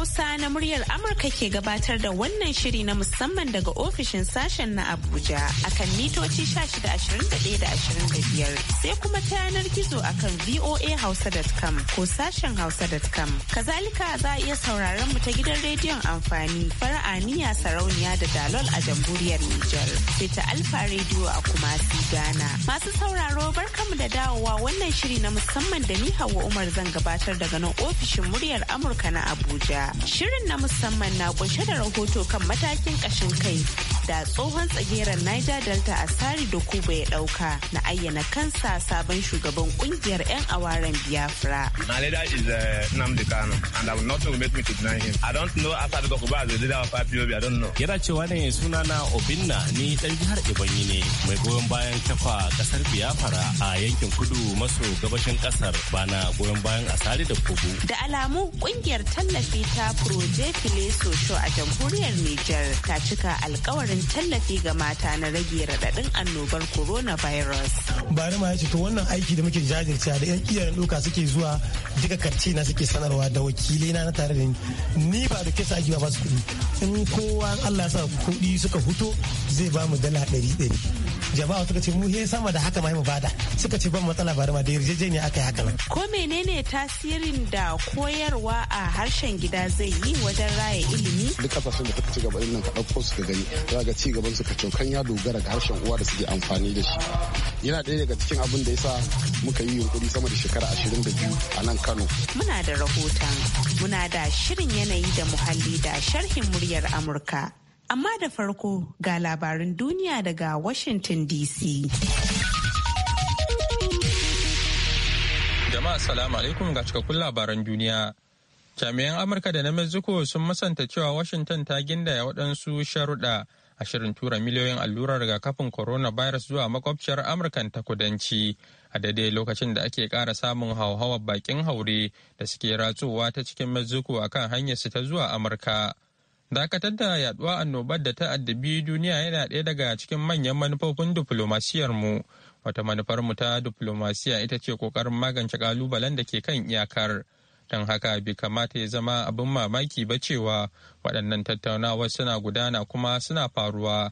Hausa na muryar Amurka ke gabatar da wannan shiri na musamman daga ofishin sashen na Abuja a akan mitoci 1621 da 25 sai kuma ta yanar gizo akan voahausa.com ko sashen hausa.com. Kazalika za a iya sauraron mu ta gidan rediyon amfani fara'aniya sarauniya da dalol a jamhuriyar Nijar sai ta Alfa rediyo a Kumasi Ghana. Masu sauraro barkamu da dawowa wannan shiri na musamman da ni Hauwa Umar zan gabatar daga nan ofishin muryar Amurka na Abuja. Shirin na musamman na kunshe da rahoto kan matakin kashin kai da tsohon tsageren Niger Delta a tsari da Kuba ya dauka na ayyana kansa sabon shugaban kungiyar 'yan awaren Biafra. My leader is uh, Nnamdi and I will not make me to deny him. I don't know as a leader of I don't know. Yana cewa ne sunana Obinna ni dan jihar Ebonyi ne mai goyon bayan kafa ƙasar Biafra a yankin kudu maso gabashin ƙasar bana goyon bayan Asari da Kubu. Da alamu ƙungiyar tallafi ta ta Project Leso Show a jamhuriyar Nijar ta cika alkawarin tallafi ga mata na rage raɗaɗin annobar coronavirus. Bari ma ya ce to wannan aiki da muke jajirce da yan iyayen doka suke zuwa duka karce na suke sanarwa da wakilai na tare da ni ba da kesa ake ba su kuɗi. In kowa Allah ya sa kuɗi suka fito zai ba mu dala ɗari ɗari. jama'a suka ce mu sama da haka ma mu bada suka ce ban matsala bari ma da yarjejeniya aka yi haka nan ko menene tasirin da koyarwa a harshen gida zai yi wajen raya ilimi duk kasashen da suka ci gaba din nan ka dauko su gani za ga ci gaban su ka cokan ya dogara ga harshen uwa da suke amfani da shi yana ɗaya daga cikin abin da ya sa muka yi yunkuri sama da shekara ashirin da biyu a nan Kano muna da rahoton muna da shirin yanayi da muhalli da sharhin muryar Amurka amma da farko ga labarin duniya daga Washington DC. Jama'a salamu alaikum ga cikakkun labaran duniya. Jami'an Amurka da na Mexico sun masanta cewa Washington ta gindaya waɗansu sharuɗa a shirin tura miliyoyin allurar corona virus zuwa makwabciyar Amurkan ta kudanci a daidai lokacin da ake ƙara samun hauhawar bakin haure da suke ratsowa ta cikin Mexico akan hanyar su ta zuwa Amurka. Dakatar da yaduwa annobar da ta addabi duniya yana ɗaya daga cikin manyan manufofin diflomasiyar mu. Wata manufar mu ta diflomasiya ita ce ƙoƙarin magance ƙalubalen da ke kan iyakar. Don haka bai kamata ya zama abin mamaki ba cewa waɗannan tattaunawar suna gudana kuma suna faruwa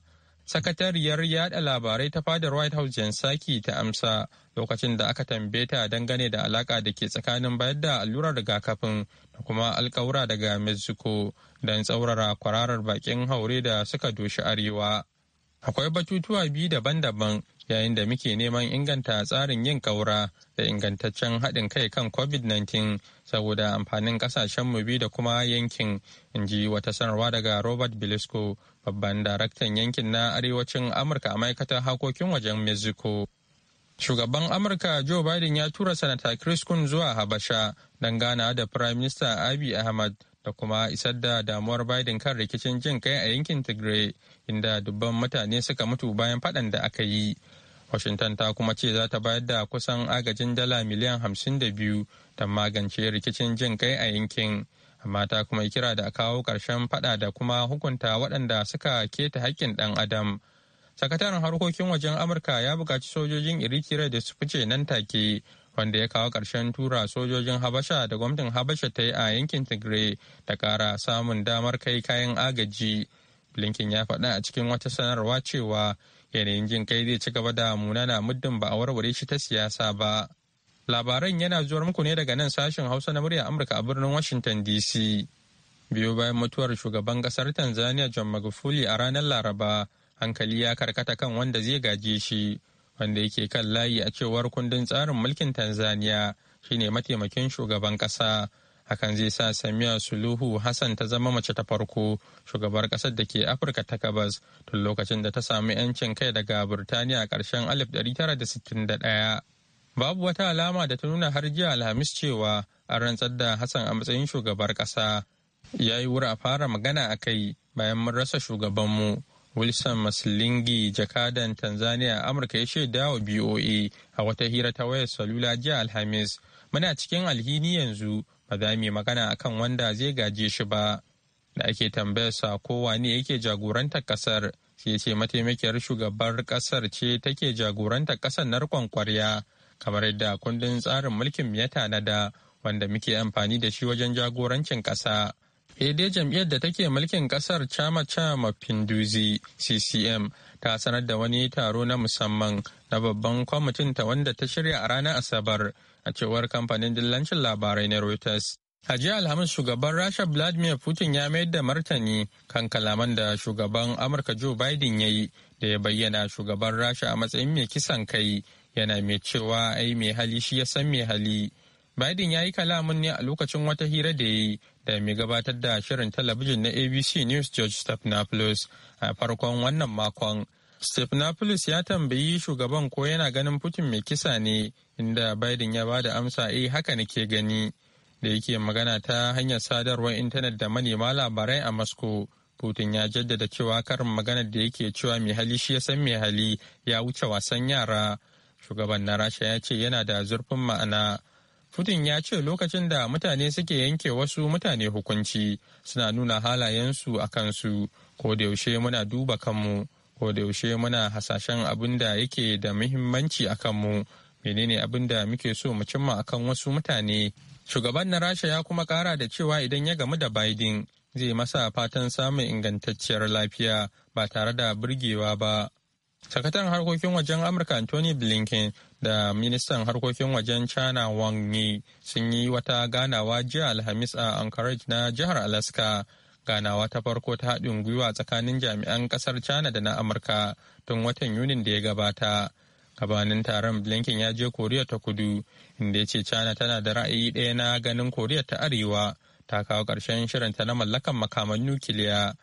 sakatariyar yada labarai ta fadar white house jen saki ta amsa lokacin da aka tambaye ta dangane da alaka da ke tsakanin bayar da allurar rigakafin da kuma alkawura daga mexico don tsaurara kwararar bakin haure da suka doshi arewa akwai batutuwa biyu daban-daban yayin da muke neman inganta tsarin yin kaura da ingantaccen haɗin kai kan covid-19 saboda amfanin ƙasashenmu biyu da kuma yankin in ji wata sanarwa daga robert bilisco babban daraktan yankin na arewacin amurka a ma'aikatar harkokin wajen mexico shugaban amurka joe biden ya tura sanata chris kun zuwa habasha don gana da prime minister abiy ahmad da kuma isar da damuwar biden kan rikicin jin kai a yankin tigray inda dubban mutane suka mutu bayan fadan da aka yi washington ta kuma ce za ta bayar da kusan agajin dala miliyan 52 don magance rikicin jin kai a yankin amma ta kuma yi kira da a kawo ƙarshen faɗa da kuma hukunta waɗanda suka keta haƙƙin ɗan adam sakataren harkokin wajen amurka ya buƙaci sojojin irikira da su fice nan take wanda ya kawo ƙarshen tura sojojin habasha da gwamnatin habasha ta yi a yankin tigray da ƙara samun damar kai kayan agaji blinken ya faɗa a cikin wata sanarwa cewa yanayin jin kai zai ci gaba da munana muddin ba a warware shi ta siyasa ba Labaran yana zuwar muku ne daga nan sashen Hausa na murya Amurka a birnin Washington DC. Biyo bayan mutuwar shugaban kasar Tanzania John Magufuli a ranar Laraba, hankali ya karkata kan wanda zai gaje shi, wanda yake kan layi a cewar kundin tsarin mulkin Tanzania shine mataimakin shugaban kasa. Hakan zai sa Samiya Suluhu Hassan ta zama mace ta farko shugabar kasar da ke Afirka ta gabas tun lokacin da ta samu 'yancin kai daga Burtaniya a ƙarshen 1961. babu wata alama da ta nuna har jiya alhamis cewa an rantsar da hassan a matsayin shugabar kasa ya yi wuri a fara magana a kai bayan mun rasa shugabanmu wilson maslingi jakadan tanzania amurka ya shaida wa boa a wata hira ta wayar salula jiya alhamis muna cikin alhini yanzu ba za mu yi magana akan wanda zai gaje shi ba da ake tambayar sa kowa ne yake jagorantar kasar sai ce mataimakiyar shugabar kasar ce take jagorantar kasar narkon kwarya kamar yadda kundin tsarin mulkin ya da wanda muke amfani da shi wajen jagorancin ƙasa. dai jam'iyyar da take mulkin kasar chama chama pinduzi ccm ta sanar da wani taro na musamman na babban kwamitin ta wanda ta shirya a ranar asabar a cewar kamfanin dillancin labarai na reuters a jiya alhamis shugaban rasha vladimir putin ya mayar da martani kan kalaman da shugaban amurka joe biden ya yi da ya bayyana shugaban rasha a matsayin mai kisan kai yana mai cewa ai mai hali shi ya san mai hali biden ya yi kalamin ne a lokacin wata hira da ya yi da mai gabatar da shirin talabijin na abc news george stephanopoulos a farkon wannan makon stephanopoulos ya tambayi shugaban ko yana ganin putin mai kisa ne inda biden ya ba da amsa eh haka nake gani da yake magana ta hanyar sadarwar intanet da manema labarai a moscow Putin ya jaddada cewa karin maganar da yake cewa mai hali shi ya san mai hali ya wuce wasan yara shugaban na rasha ya ce yana da zurfin ma'ana putin ya ce lokacin da mutane suke yanke wasu mutane hukunci suna nuna halayensu a kansu ko da yaushe muna duba kanmu ko da yaushe muna hasashen abin da yake da muhimmanci a kanmu menene abin da muke so mu cimma akan wasu mutane shugaban na rasha ya kuma kara da cewa idan ya gamu da biden zai masa fatan samun ingantacciyar lafiya ba tare da burgewa ba sakataren harkokin wajen amurka anthony blinken da ministan harkokin wajen china wang yi sun yi wata ganawa jiya alhamis a anchorage na jihar alaska ganawa ta farko ta haɗin gwiwa tsakanin jami'an ƙasar china da na amurka tun watan yunin da ya gabata gabanin taron blinken ya je koriya ta kudu inda ya ce china tana da ra'ayi ɗaya na ganin koriya ta arewa ta kawo ƙarshen shirinta na mallakan makaman nukiliya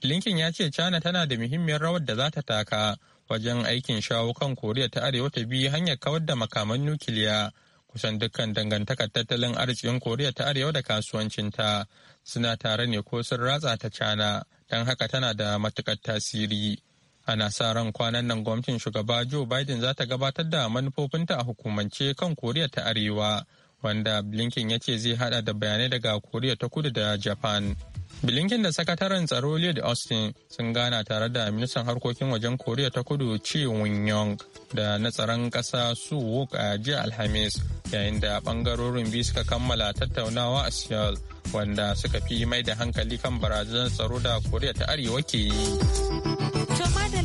blinken ya ce china tana da muhimmiyar rawar da za ta taka wajen aikin shawo kan koriya ta arewa ta biyu hanyar kawar da makaman nukiliya kusan dukkan dangantakar tattalin arzikin koriya ta arewa da kasuwancinta suna tare ne ko sun ratsa ta cana don haka tana da matukar tasiri ana sa ran kwanan nan gwamnatin shugaba joe biden za ta gabatar da manufofinta a hukumance kan koriya ta arewa wanda blinken ya ce zai hada da bayanai daga koriya ta kudu da japan bilinkin da sakataren tsaro Lloyd Austin sun gana tare da ministan harkokin wajen Koriya ta kudu Chi won Young da na tsaron kasa Su Wook a jiya Alhamis yayin da bangarorin biyu suka kammala tattaunawa a Seoul wanda suka fi mai da hankali kan barazanar tsaro da Koriya ta Arewa ke yi.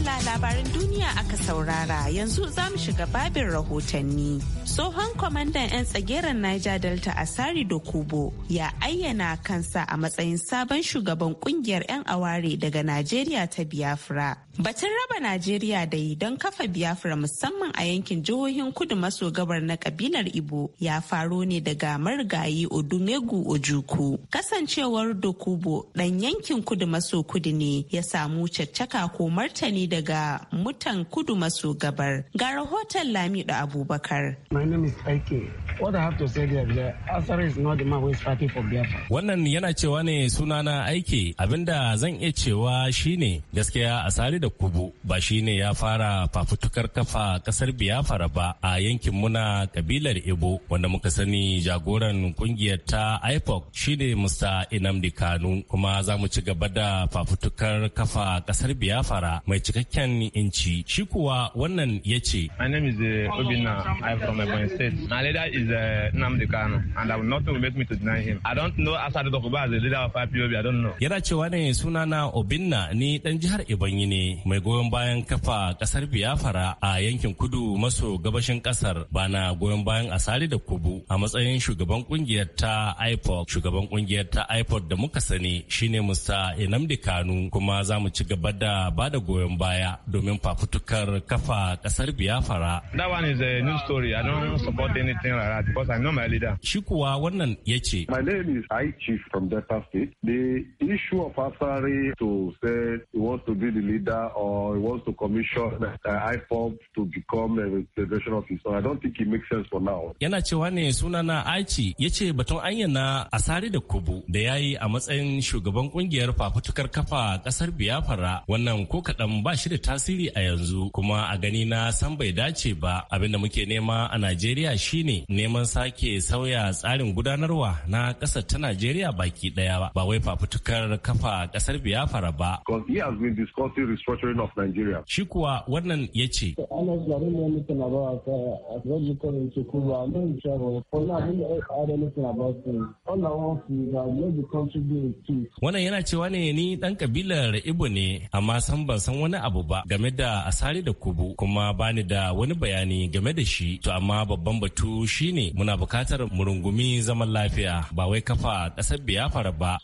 Madalla labaran duniya aka saurara yanzu za mu shiga babin rahotanni. Tsohon kwamandan 'yan tsageren Niger Delta Asari Kubo ya ayyana kansa a matsayin sabon shugaban kungiyar 'yan aware daga Najeriya ta Biafra. Batun raba Najeriya da yi don kafa Biafra musamman a yankin jihohin kudu maso gabar na kabilar Ibo ya faro ne daga marigayi Odumegu Ojuku. Kasancewar Dokubo ɗan yankin kudu maso kudu ne ya samu caccaka ko martani daga mutan kudu maso gabar. Ga rahoton Lamido Abubakar. My name is Aike. What I have to say there, the is not the man who is fighting for Biafra. Wannan yana cewa ne sunana aiki abinda zan iya cewa shine gaskiya a da kubu ba shine ya fara fafutukar kafa kasar Biafra ba a yankin muna kabilar Ibo wanda muka sani jagoran kungiyar ta IPOC shine Mr. Inamdi Kanu kuma za mu ci gaba da fafutukar kafa kasar Biafra mai cikakken inci shi kuwa wannan ya ce uh, uh, yana cewa ne sunana Obinna ni dan jihar ibanyi ne mai goyon bayan kafa kasar Biafra a yankin kudu maso gabashin kasar bana goyon bayan Asali da Kubu a matsayin shugaban kungiyar ta iPod Shugaban kungiyar ta iPod da muka sani shine Musa Enamdi Kanu kuma za mu ci gaba da bada goyon baya domin fafutukar kafa kasar Biafra. Shi wannan ya ce. My issue of Asari to say he wants to be the leader or he wants to commission uh, IPOB to become a officer. I don't think it makes sense for now. Yana cewa ne sunana Aichi ya ce batun na asari da Kubu da ya yi a matsayin shugaban kungiyar fafutukar kafa kasar Biafra wannan ko kaɗan ba shi da tasiri a yanzu kuma a gani na san bai dace ba abinda muke nema a Najeriya shine neman sake sauya tsarin gudanarwa na ƙasar ta Najeriya baki ɗaya ba wai fafutukar kafa kasar Biafra ba. Because he has been discussing Manufacturing of Nigeria. Shi kuwa wannan ya ce. wannan yana cewa ne ni ɗan kabilar Ibo ne amma san ban san wani abu ba game da asari da kubu kuma bani da wani bayani game da shi to amma babban batu shine muna bukatar mu zaman lafiya ba wai kafa ƙasar biyafar ba.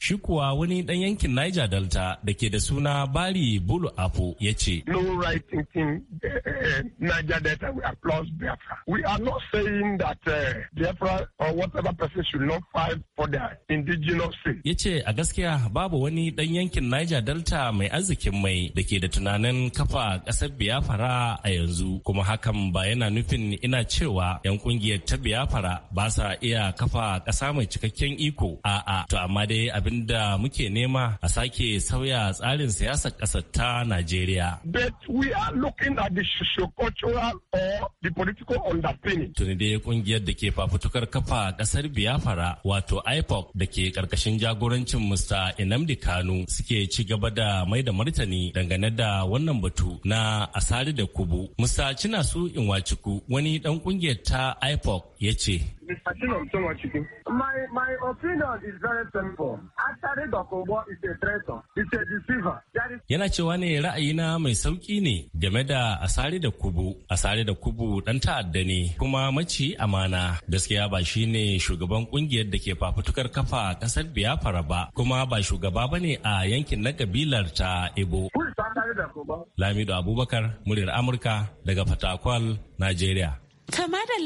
Shi kuwa wani ɗan yankin Niger Delta da ke da suna Bari Bulu Apo ya ce. No right thinking Niger Delta we applause Biafra. We are not saying that eh, Biafra or whatever person should not fight for their indigenous sin. Ya ce a gaskiya babu wani ɗan yankin Niger Delta mai arzikin mai da ke da tunanin kafa ƙasar Biafra a yanzu kuma hakan ba yana nufin ina cewa 'yan kungiyar ta Biafra ba sa iya kafa ƙasa mai cikakken iko a'a to amma dai abin da muke nema a sake sauya tsarin siyasar ƙasar ta Najeriya. But we are looking at the sociocultural or the political underpinning. Tuni dai kungiyar da ke fafutukar kafa ƙasar Biafra wato IPOC da ke ƙarƙashin jagorancin Mr. Inamdi Kanu suke ci gaba da mai da martani dangane da wannan batu na asari da kubu. Mr. Chinasu Inwachiku wani ɗan ƙungiyar ta IPOC ya ce My my opinion is very simple. Dokobo is a traitor. It's a deceiver. Yana cewa ne na mai sauki ne game da Asare da Kubu. Asare da Kubu dan ta'adda ne kuma maci amana. Gaskiya ba shi ne shugaban kungiyar da ke fafutukar kafa kasar Biafra ba kuma ba shugaba ba ne a yankin na kabilar ta Ebo. Lamido Abubakar, muryar Amurka daga Fatakwal, Najeriya.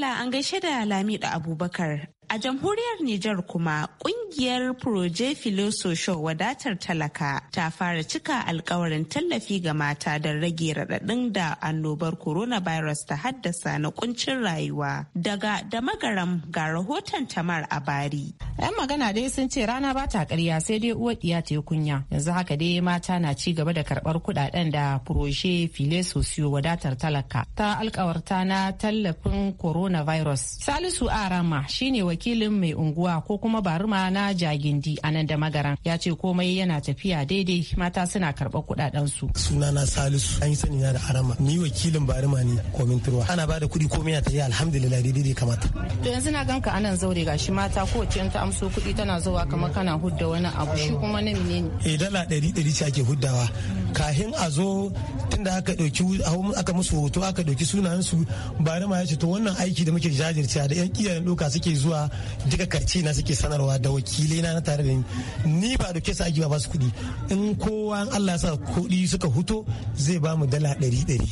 da an gaishe da da Abubakar. A jamhuriyar Nijar kuma kungiyar Proje Filoso Show wadatar talaka ta fara cika alkawarin tallafi ga mata don rage raɗaɗin da annobar coronavirus ta haddasa na kuncin rayuwa. Daga da magaram ga rahoton Tamar a bari. 'Yan magana dai sun ce rana ba ta ƙarya sai dai uwar iya ta yi kunya. Yanzu haka dai mata na ci gaba da karɓar kuɗaɗen da Proje Filoso Show wadatar talaka ta alkawarta na tallafin coronavirus. Salisu Arama shine wakil wakilin mai unguwa ko kuma baruma na jagindi a nan da magaran ya ce komai yana tafiya daidai mata suna karɓar kuɗaɗen su. sunana salisu an yi sani na da arama ni wakilin baruma ne turwa. ana ba da kuɗi komai yana tafiya alhamdulillah daidai da kamata. to yanzu na ganka anan zaure gashi mata ko ce ta amso kuɗi tana zuwa kamar kana hudda wani abu shi kuma na mene ne. eh dala ɗari ɗari ce ake huddawa kahin a zo tunda aka ɗauki aka musu hoto aka ɗauki sunayen su baruma ya ce to wannan aiki da muke jajircewa da 'yan iyayen ɗauka suke zuwa duka karci na suke sanarwa da wakili na tare da ni ba da kesa ake ba su kuɗi in kowa Allah sa kuɗi suka huto zai ba mu dala ɗari ɗari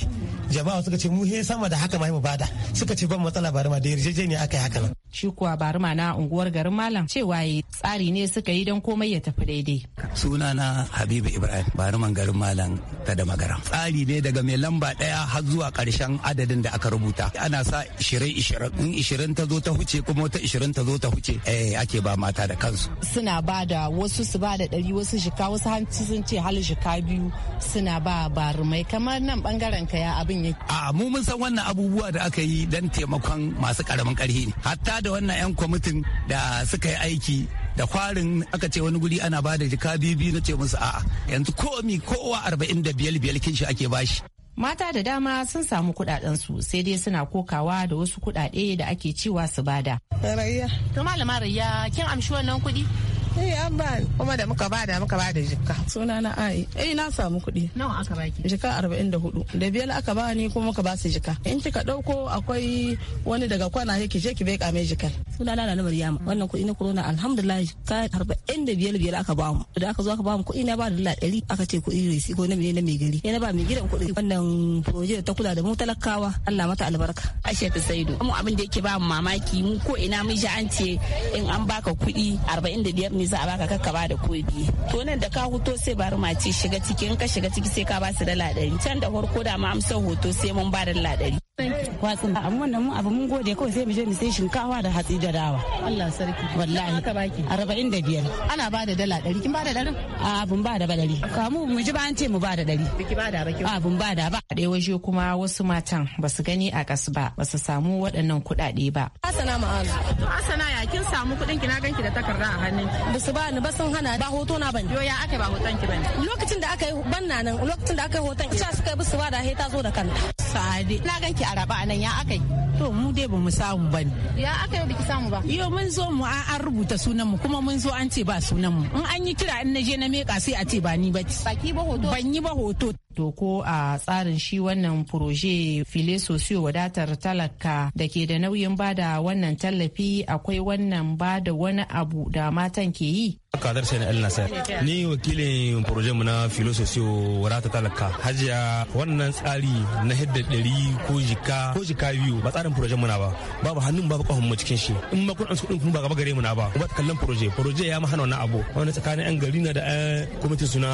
jama'a suka ce mu he sama da haka ma mu bada suka ce ban matsala ba da ma da yarjejeniya aka yi haka nan shi kuwa bari na unguwar garin malam cewa yi tsari ne suka yi don komai ya tafi daidai suna na habibu ibrahim baruman garin malam ta da magara tsari ne daga mai lamba daya har zuwa karshen adadin da aka rubuta ana sa ishirin ishirin in ishirin ta zo ta huce kuma wata ishirin ta zo ta huce eh ake ba mata da kansu suna ba da wasu su ba da ɗari wasu shika wasu hanci sun ce hal shika biyu suna ba barumai kamar nan bangaren ka ya abin yake a mu mun san wannan abubuwa da aka yi don taimakon masu karamin karhi ne hatta da wannan 'yan kwamitin da suka yi aiki da kwarin aka ce wani guri ana ba da jika bibi na ce musu a'a yanzu komi kowa arba'in da biyar biyar kinshi ake bashi mata da dama sun samu su sai dai suna kokawa da wasu kudade da ake cewa su bada. Rayya. To malama Rayya kin amshi wannan kuɗi? Eh an ba kuma da muka bada muka bada jikka. Suna na Ai. Eh na samu kuɗi. Nawa aka baki? Jikka arba'in Da hudu. Da biyar aka ni kuma muka ba jikka. In kika ɗauko akwai wani daga kwana yake je ki beka mai jikka. Suna na Lalu Maryama. Wannan kuɗi na corona alhamdulillah ka da biyar aka ba mu. Da aka zo aka ba mu kuɗi na ba dala ɗari aka ce kuɗi resi ko na mene na mai gari. Ya na ba mai gidan kuɗi wannan proje ta kula da mu talakawa. Allah mata albarka. Aisha Saidu. Mu abin da yake ba mu mamaki mu ko ina mun ji an ce in an baka kuɗi biyar ne za a baka kakka ba da kobi to nan da ka hoto sai bari ma ce shiga ciki in ka shiga ciki sai ka ba su dala ɗari can da farko da ma amsar hoto sai mun ba dala ɗari Kwatsin amma wannan mun abu mun gode kawai sai mu je mu sai shinkawa da hatsi da dawa. Allah sarki. Wallahi. Haka baki. Arba'in da biyar. Ana ba da dala ɗari kin ba da ɗarin? A bun ba da ba ɗari. Kamu mu ji ba an ce mu ba da ɗari. Biki ba da ba kin. A bun ba da ba. A waje kuma wasu matan ba su gani a ƙas ba ba su samu waɗannan kuɗaɗe ba. Hasana ma'azu. Hasana ya kin samu kuɗin ki na ganki da takarda a hannun ki. Ba ba ni ba sun hana ba hoto na ban. Yo ya aka ba hoton ki ban. Lokacin da aka yi ban nan lokacin da aka yi hoton ita suka yi ba su ba da ta zo da kanta. Sa'ade. Na ganki a raba nan ya akai. To mu dai ba mu samu ba ne. Ya akai ki samu ba. Yo mun zo mu an rubuta sunan mu kuma mun zo an ce ba sunan mu. In an yi kira in na je na meka sai a ce ba ni ba. Baki ba hoto. Ban yi ba hoto. To ko a tsarin shi wannan furoje file sosiyo wadatar talaka da ke da nauyin bada wannan tallafi akwai wannan bada wani abu da matan ke yi? Kadar Sani El nasar ni wakilin proje mu na filososiyo wadatar talaka hajiya wannan tsari na hidda dari ko jika ko jika biyu ba tsarin proje mu na ba babu hannun babu kwahun mu cikin shi in ma kun kuɗin kuma ba gaba gare mu na ba ba kallon proje proje ya mahana wani abu wani tsakanin yan gari na da yan kwamitin su na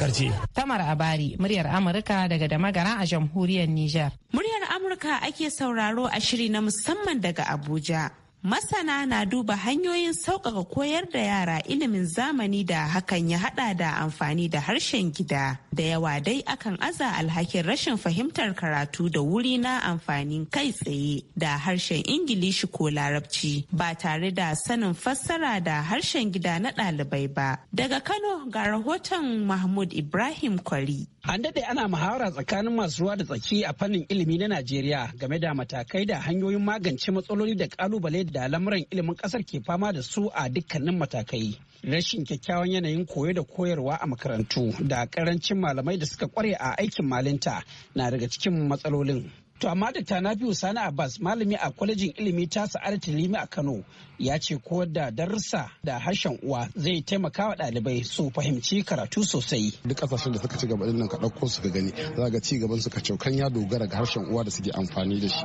karce. Tamar Abari muryar Amurka daga Damagara a jamhuriyar Nijar. Muryar Amurka ake sauraro a shiri na musamman daga Abuja. Masana na duba hanyoyin sauƙaƙa koyar da yara ilimin zamani da hakan ya haɗa da amfani da harshen gida. Da yawa dai akan aza alhakin rashin fahimtar karatu da wuri na amfanin kai tsaye da harshen Ingilishi ko Larabci ba tare da sanin fassara da harshen gida na ɗalibai ba. Daga Kano ga rahoton Mahmud Ibrahim Kwari. An daɗe ana muhawara tsakanin masu ruwa da tsaki a fannin ilimi na Najeriya game da matakai da hanyoyin magance matsaloli da kalubale da lamuran ilimin ƙasar ke fama da su a dukkanin matakai. Rashin kyakkyawan yanayin koyo da koyarwa a makarantu da ƙarancin malamai da suka ƙware a aikin malinta na daga cikin matsalolin. To amma Dr. Nafi'u Sani Abbas malami a kwalejin ilimi ta sa'ar Tilimi a Kano ya ce ko da darussa da harshen uwa zai taimaka wa ɗalibai su fahimci karatu sosai. Duk kasashen da suka ci gaba nan ka ɗauko su ka gani za ga ci gaban su ka caukan ya dogara ga harshen uwa da suke amfani da shi.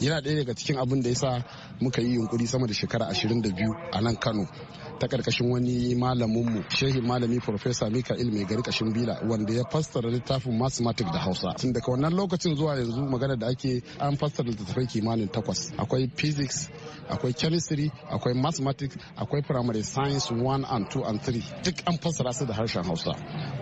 Yana ɗaya daga cikin abin da ya sa muka yi yunkuri sama da shekara ashirin da biyu a nan Kano ta karkashin wani malamin mu shehi malami professor Mika'il mai gari kashin bila wanda ya fassara littafin mathematics da Hausa tun daga wannan lokacin zuwa yanzu magana da ake an fassara littattafai kimanin takwas akwai physics akwai chemistry akwai mathematics akwai primary science 1 and 2 and 3 duk an fassara su da harshen Hausa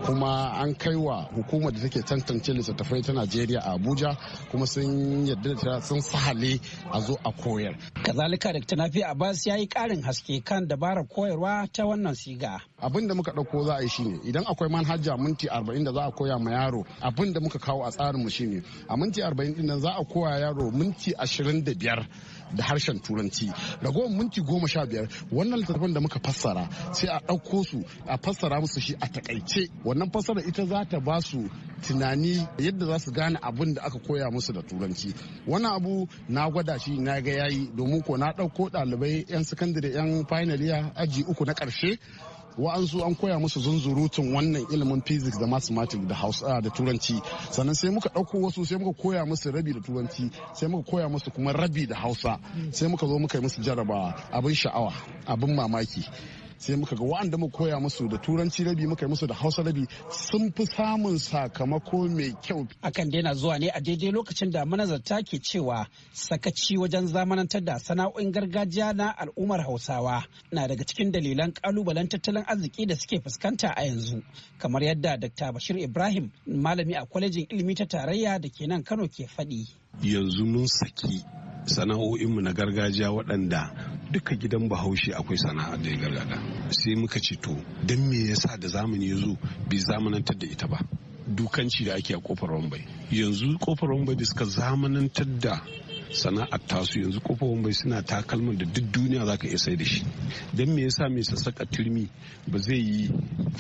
kuma an kai wa hukumar da take tantance littattafai ta Najeriya a Abuja kuma sun yadda da sun sahale a zo a koyar kazalika da tanafi abbas ya yi karin haske kan dabarar koyar koyarwa ta wannan siga. Abin da muka ɗauko za a yi shi ne idan akwai manhaja minti arba'in da za a koya ma yaro abin da muka kawo a tsarinmu shine a minti arba'in ɗin za a koya yaro minti ashirin da biyar da harshen turanci ragowar minti goma sha biyar wannan littattafan da muka fassara sai a ɗauko su a fassara musu shi a takaice wannan fassara ita za ta ba su tunani yadda za su gane abin da aka koya musu da turanci wannan abu na gwada shi na ga yayi domin ko na ɗauko ɗalibai 'yan sakandare 'yan final aji uku na ƙarshe wa'ansu an koya musu zunzurutun wannan ilimin physics da mathematics da hausa ah, da turanci sannan sai muka ɗauko wasu sai muka koya musu rabi da turanci sai muka koya musu kuma rabi da hausa sai muka zo muka yi musu jarabawa abin sha'awa abin mamaki sai muka ga wa'anda mu koya musu da turanci rabi muka yi musu da hausa rabi sun fi samun sakamako mai kyau akan daina zuwa ne a daidai lokacin da manazarta ke cewa sakaci wajen zamanantar da sana'o'in gargajiya na al'ummar hausawa na daga cikin dalilan kalubalen tattalin arziki da suke fuskanta a yanzu kamar yadda dr bashir ibrahim malami a kwalejin ilimi ta tarayya da ke nan kano ke faɗi yanzu mun saki sana'o'inmu na gargajiya waɗanda duka gidan bahaushe akwai sana'a da ya gargada sai muka ce to don me yasa da zamani ya zo bai zamanantar da ita ba dukanci da ake a kofar wambai yanzu kofar wambai da suka zamanantar da sana'ar tasu yanzu kofofin bai suna takalman da duk duniya za ka iya sai da shi don me yasa mai sassaka turmi ba zai yi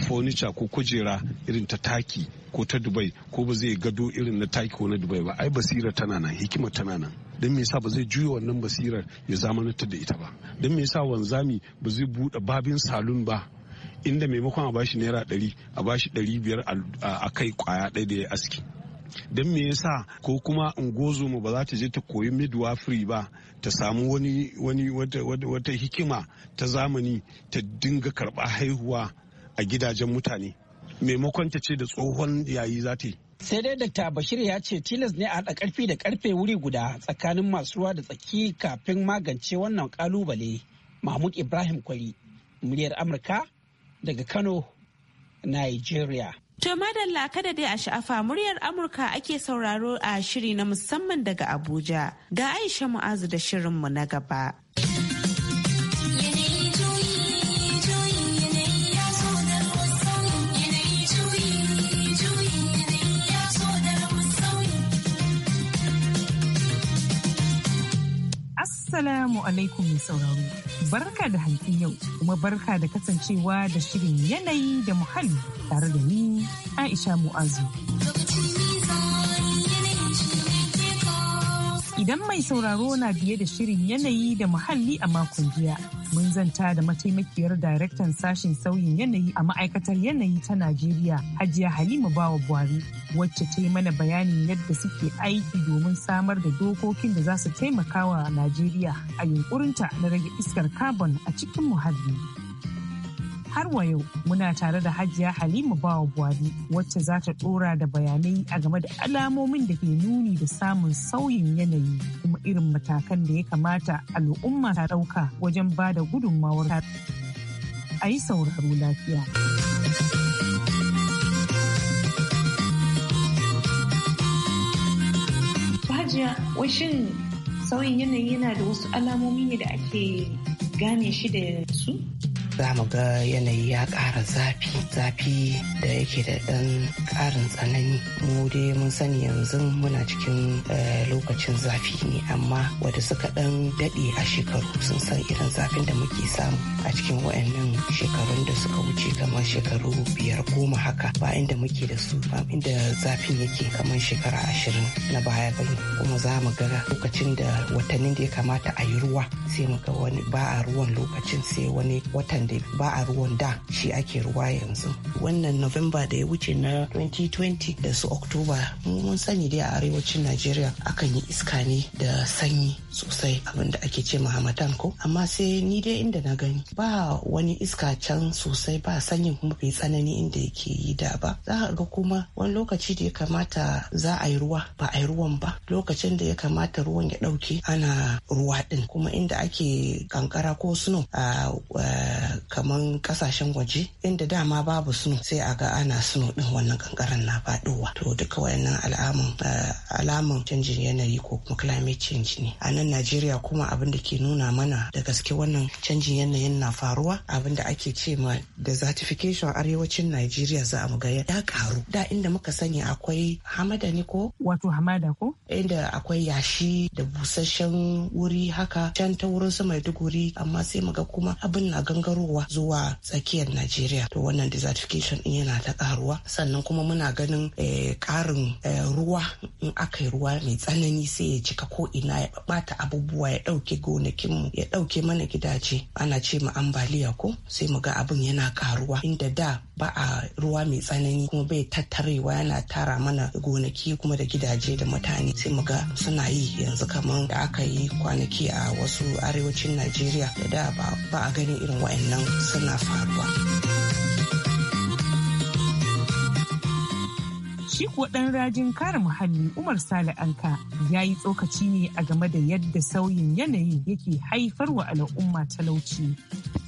furniture ko kujera irin ta taki ko ta dubai ko ba zai gado irin na taki ko na dubai ba ai basira tana nan hikima tana nan don me yasa ba zai juya wannan basirar ya zamanantar da ita ba don me yasa wanzami ba zai buɗe babin salon ba inda maimakon a bashi naira ɗari a bashi ɗari biyar a kai kwaya ɗaya da ya aski don me yasa ko kuma ungozoma ba za ta je ta koyi midwifery ba ta samu wani wani wata, hikima ta zamani ta dinga karba haihuwa a gidajen mutane maimakon ta ce da tsohon yayi za ta yi sai dai dr bashir ya ce tilas ne a haɗa ƙarfi da karfe wuri guda tsakanin masu ruwa da tsaki kafin magance wannan kalubale mahmud ibrahim kwari muryar amurka daga kano nigeria To madalla kada dai a sha'afa muryar Amurka ake sauraro a shiri na musamman daga Abuja ga Aisha Mu'azu da shirin mu na gaba. Assalamu alaikum sauraro. Barka da hantsi yau kuma barka da kasancewa da shirin yanayi da muhalli tare da ni Aisha Mu'azu. Idan mai sauraro na biye da shirin yanayi da muhalli a makon jiya, mun zanta da mataimakiyar daraktan sashen sauyin yanayi a ma'aikatar yanayi ta Najeriya, Hajiya Halima Bawa Buhari, wacce ta yi mana bayanin yadda suke aiki domin samar da dokokin da za su taimaka wa Najeriya a yunkurinta na rage iskar carbon a cikin muhalli. Har wa yau muna tare da Hajiya Halima Bawa buwari wacce za ta dora da bayanai a game da alamomin da ke nuni da samun sauyin yanayi kuma irin matakan da ya kamata al'umma ta ɗauka wajen ba da gudunmawar a yi sauraro lafiya. Hajiya, washin sauyin yanayi yana da wasu alamomi ne da ake gane shi da su? za mu ga yanayi ya ƙara zafi zafi da yake da ɗan ƙarin tsanani mu dai mun sani yanzu muna cikin eh, lokacin zafi ne amma wadda suka ɗan daɗe a shekaru sun san irin zafin da muke samu a cikin wayannan shekarun da suka wuce kamar shekaru biyar goma haka ba inda muke da su ba inda zafin yake kamar shekara ashirin na baya bane kuma za mu ga lokacin da watannin da ya kamata a yi ruwa sai mu ga wani ba a ruwan lokacin sai wani watan Da ba a ruwan da shi ake ruwa yanzu wannan november da ya wuce na 2020 da su october mun sani dai a arewacin najeriya akan yi iska ne da sanyi sosai abinda ake ce mahamatan ko amma sai ni dai inda na gani ba wani iska can sosai ba sanyin kuma bai tsanani inda yake yi da ba za a ga kuma wani lokaci da ya kamata za a yi ruwa ba a yi ruwan ba lokacin da ya kamata ruwan ya ɗauke ana ruwa ɗin kuma inda ake kankara ko suno a kaman kasashen waje inda dama babu suno sai a ga ana suno din wannan kankaran na faɗowa to duka wayannan alamun eh, alamun canjin yanayi ko kuma climate change ne a nan Najeriya kuma abin da ke nuna mana da gaske wannan canjin yanayin na faruwa abin da ake ce ma desertification arewacin Najeriya za mu ga ya karu da inda muka sani akwai hamada ne ko wato hamada ko inda akwai yashi da busasshen wuri haka can ta wurin su Maiduguri amma sai muga kuma abin na gangaro shigowa zuwa tsakiyar najeriya to wannan desertification din yana ta karuwa sannan kuma muna ganin karin eh, eh, ruwa in aka yi ruwa mai tsanani sai ya cika ko ina ya bata abubuwa ya dauke mu ya dauke mana gidaje ana ce ma ambaliya ko sai mu ga abin yana karuwa inda da ba a ruwa mai tsanani kuma bai tattarewa yana tara mana gonaki kuma da gidaje da mutane sai muga suna yi yanzu kamar da aka yi kwanaki a wasu arewacin najeriya da da ba a ganin irin wa'annan suna faruwa. Shi kuwa ɗan rajin kare muhalli Umar Sale Anka ya yi tsokaci ne a game da yadda sauyin yanayi yake haifar wa al'umma talauci.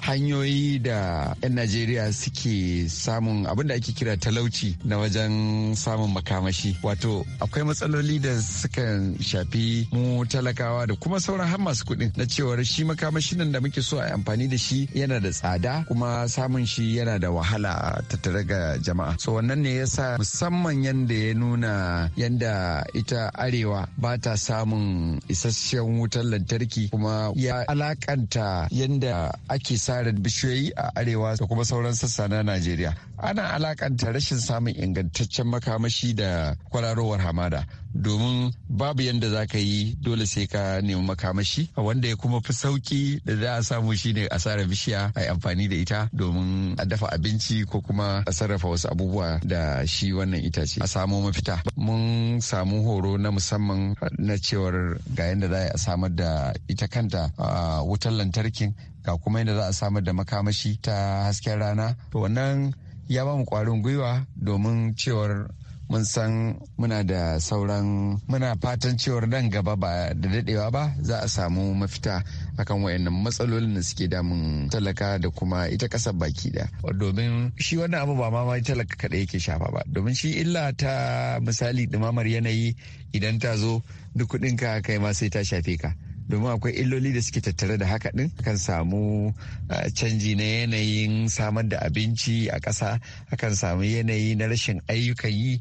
Hanyoyi da 'yan Najeriya suke samun abin da ake kira talauci na wajen samun makamashi. Wato akwai matsaloli da sukan shafi mu talakawa da kuma sauran har masu kuɗi? na cewar shi makamashin nan da muke so a amfani da shi yana da tsada kuma samun shi yana da wahala tattare ga jama'a. So wannan ne yasa musamman wanda ya nuna yanda ita arewa ba ta samun isasshen wutar lantarki kuma ya alakanta yanda ake sare bishiyoyi a arewa da kuma sauran sassa na najeriya ana alakanta rashin samun ingantaccen makamashi da kwararowar hamada domin babu yadda za ka yi dole sai ka nemi makamashi wanda ya kuma fi sauki da za a samu shine a bishiya a amfani da ita domin a dafa abinci ko kuma a sarrafa wasu abubuwa da shi wannan itace a samo mafita mun samu horo na musamman na cewar ga yadda za a samar da ita kanta a wutar lantarkin ga kuma yadda za a samar da makamashi ta hasken rana to wannan ya ba mu kwarin gwiwa domin cewar mun san muna da sauran muna fatan cewar nan gaba ba da dadewa ba za a samu mafita akan wayannan matsalolin da suke damun talaka da kuma ita kasar baki da domin shi wannan abu ba ma talaka kada yake shafa ba domin shi illa ta misali dumamar yanayi idan ta zo duk kudin ka kai ma sai ta shafe ka domin akwai illoli da suke tattare da haka din akan samu eh, canji na yanayin samar da abinci a ƙasa akan samu yanayi na rashin ayyukan yi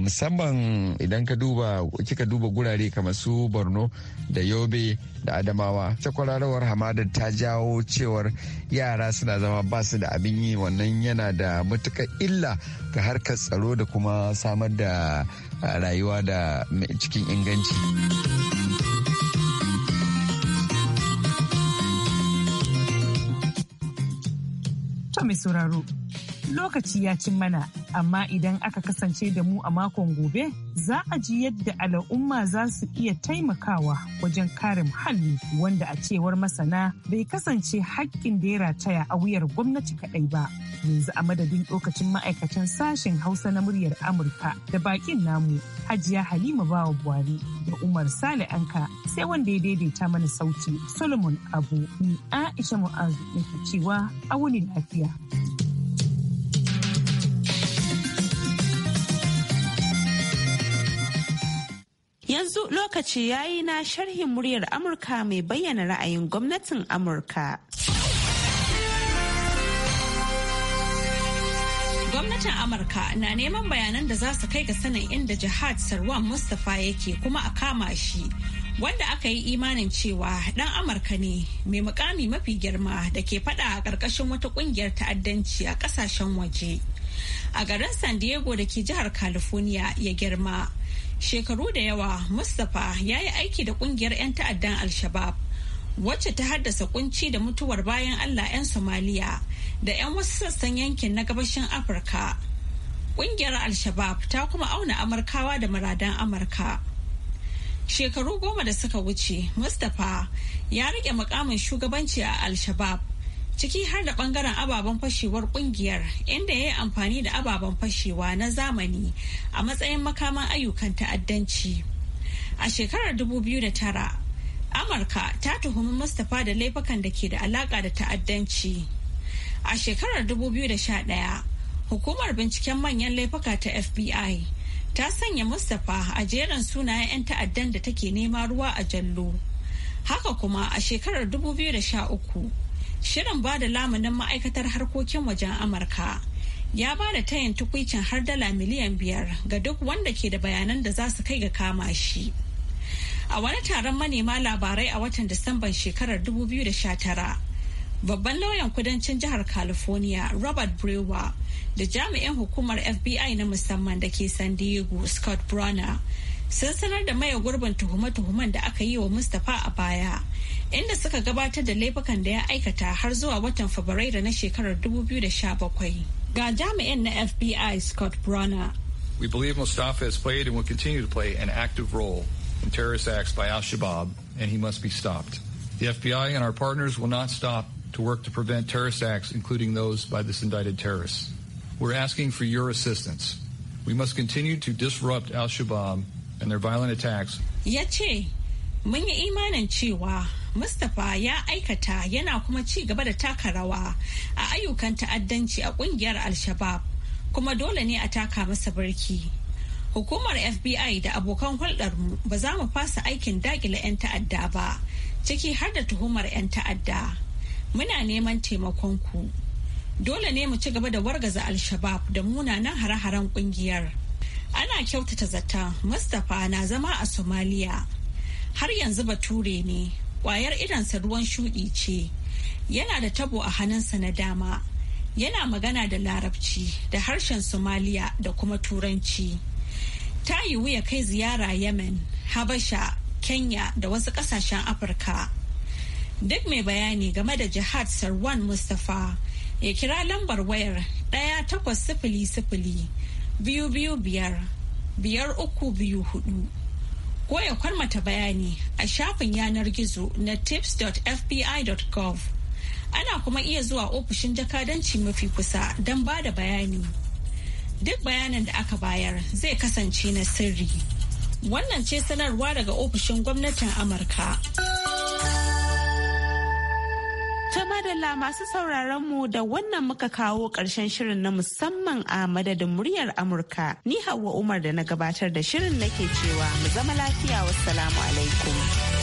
musamman idan ka duba kika duba gurare kamar su borno da yobe da adamawa ta kwararowar hamadar ta jawo cewar yara suna zama ba su da abin yi wannan yana da matuƙar illa ga harkar tsaro da kuma samar da eh, rayuwa da cikin inganci. To mai sauraro, lokaci ya ci mana, amma idan aka kasance da mu a makon gobe, za a ji yadda al'umma za su iya taimakawa wajen kare muhalli wanda a cewar masana bai kasance haƙƙin da ya rataya a wuyar gwamnati kaɗai ba. yanzu a madadin lokacin ma'aikatan sashen hausa na muryar amurka da bakin namu hajiya halima bawa buhari da umar sale anka sai wanda ya daidaita mana sauti solomon abu ni aisha mu'azu nake cewa a wuni lafiya yanzu lokaci yayi na sharhin muryar amurka mai bayyana ra'ayin gwamnatin amurka Gwamnatin Amurka na neman bayanan da za su kai ga sanin inda Jihad Sarwan Mustapha yake kuma a kama shi. Wanda aka yi imanin cewa ɗan Amurka ne mai mukami mafi girma da ke fada a ƙarƙashin wata ƙungiyar ta'addanci a ƙasashen waje. A garin San Diego da ke jihar California ya girma. Shekaru da yawa Mustapha ya yi aiki da ƙungiyar 'yan ta'addan al shabab wacce ta haddasa kunci da mutuwar bayan Allah 'yan Somaliya da 'yan wasu sassan yankin na gabashin Afirka. Kungiyar Al-Shabaab ta kuma auna Amurkawa da maradan Amurka. Shekaru goma da suka wuce, Mustapha ya rike mukamin shugabanci a Al-Shabaab ciki har da bangaren ababen fashewar kungiyar inda ya yi amfani da ababen fashewa na zamani a matsayin makaman ayyukan ta'addanci. A shekarar 2009, amurka ta tuhumi mustapha da laifukan da ke da alaka da ta'addanci a shekarar 2011 hukumar binciken manyan laifuka ta fbi ta sanya mustapha a jerin sunayen 'yan ta'addan da take nema ruwa a jallo haka kuma a shekarar 2013 shirin ba da lamunin ma'aikatar harkokin wajen amurka ya ba da tayin tukwicin har dala miliyan biyar ga duk wanda ke da bayanan da za su kai ga kama shi. a wani taron manema labarai a watan Disamban shekarar 2019. Babban lauyan kudancin jihar California Robert Brewer da jami'in hukumar FBI na musamman da ke San Diego Scott browner sun sanar da maye gurbin tuhume-tuhumen da aka yi wa Mustapha a baya inda suka gabatar da laifukan da ya aikata har zuwa watan Fabrairu na shekarar 2017. Ga jami'in na FBI Scott browner We believe Mustafa has played and will continue to play an active role terrorist acts by Al Shabaab, and he must be stopped. The FBI and our partners will not stop to work to prevent terrorist acts, including those by this indicted terrorist. We're asking for your assistance. We must continue to disrupt Al Shabaab and their violent attacks. Ya ce, mun yi imanin ya aikata yana kuma ci gaba da taka rawa a ayyukan ta'addanci a kungiyar al Shabab kuma dole ne a taka masa birki. Hukumar FBI da abokan hulɗarmu ba za mu fasa aikin daƙile 'yan ta'adda ba, ciki har da tuhumar 'yan ta'adda. Muna neman taimakon ku Dole ne mu ci gaba da wargaza alshabab da munanan hare-haren ƙungiyar. Ana kyautata zata Mustapha na zama a somaliya Har yanzu bature ne, ƙwayar idansa ruwan shuɗi ce. Yana da tabo a hannunsa na dama. Yana magana da Larabci da harshen Somaliya da kuma Turanci. ta yiwu ya kai ziyara yemen habasha kenya da wasu kasashen afirka duk mai bayani game da jihad sarwan mustapha ya kira lambar wayar ɗaya takwas sifili sifili biyu biyu biyar biyar uku biyu hudu ko ya kwarmata bayani a shafin yanar gizo na tips.fbi.gov ana kuma iya zuwa ofishin jakadanci mafi kusa don ba da bayani duk bayanin da aka bayar zai kasance na sirri. Wannan ce sanarwa daga ofishin gwamnatin Amurka. Ta madalla masu sauraron mu da wannan muka kawo ƙarshen shirin na musamman a madadin muryar Amurka. Ni Hauwa Umar da na gabatar da shirin nake cewa mu zama lafiya wassalamu alaikum.